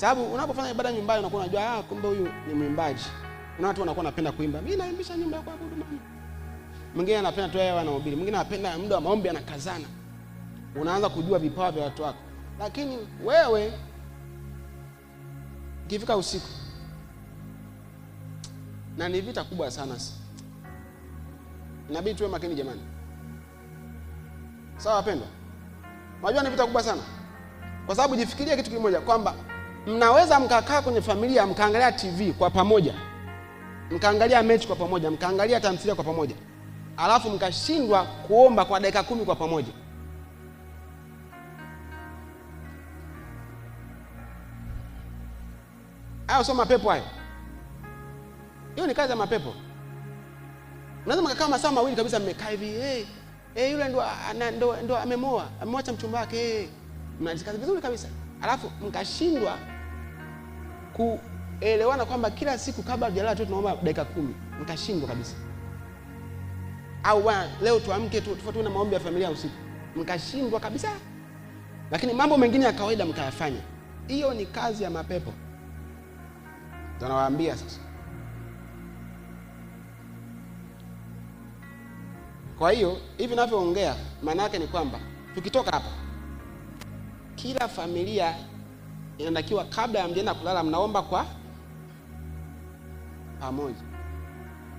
sababu unapofanya ibada nyumbani unakuwa unajua ah, kumbe huyu ni mwimbaji. Kuna watu wanakuwa wanapenda kuimba, mimi naimbisha nyumba ya kuabudu Mungu. Mwingine anapenda tu yeye anahubiri, mwingine anapenda muda wa maombi, anakazana. Unaanza kujua vipawa vya watu wako, lakini wewe ikifika usiku, na ni vita kubwa sana. Inabidi tuwe makini jamani, sawa wapendwa? Unajua ni vita kubwa sana, kwa sababu jifikirie kitu kimoja kwamba mnaweza mkakaa kwenye familia mkaangalia TV kwa pamoja, mkaangalia mechi kwa pamoja, mkaangalia tamthilia kwa pamoja, alafu mkashindwa kuomba kwa dakika kumi kwa pamoja. Hayo sio mapepo hayo, hiyo ni kazi ya mapepo. Mnaweza mkakaa masaa mawili kabisa, mmekaa hivi hey, eh, eh, hey, yule ndo, ndo, ndo amemoa amemwacha mchumba wake hey. Eh. mnaikazi vizuri kabisa alafu mkashindwa kuelewana kwamba kila siku kabla hujalala tu tunaomba dakika kumi, mkashindwa kabisa. Au bwana, leo tuamke tu tufuate na maombi ya familia usiku, mkashindwa kabisa, lakini mambo mengine ya kawaida mkayafanya. Hiyo ni kazi ya mapepo, tunawaambia sasa. Kwa hiyo hivi ninavyoongea, maana yake ni kwamba tukitoka hapa, kila familia inatakiwa kabla ya mjenda kulala mnaomba kwa pamoja.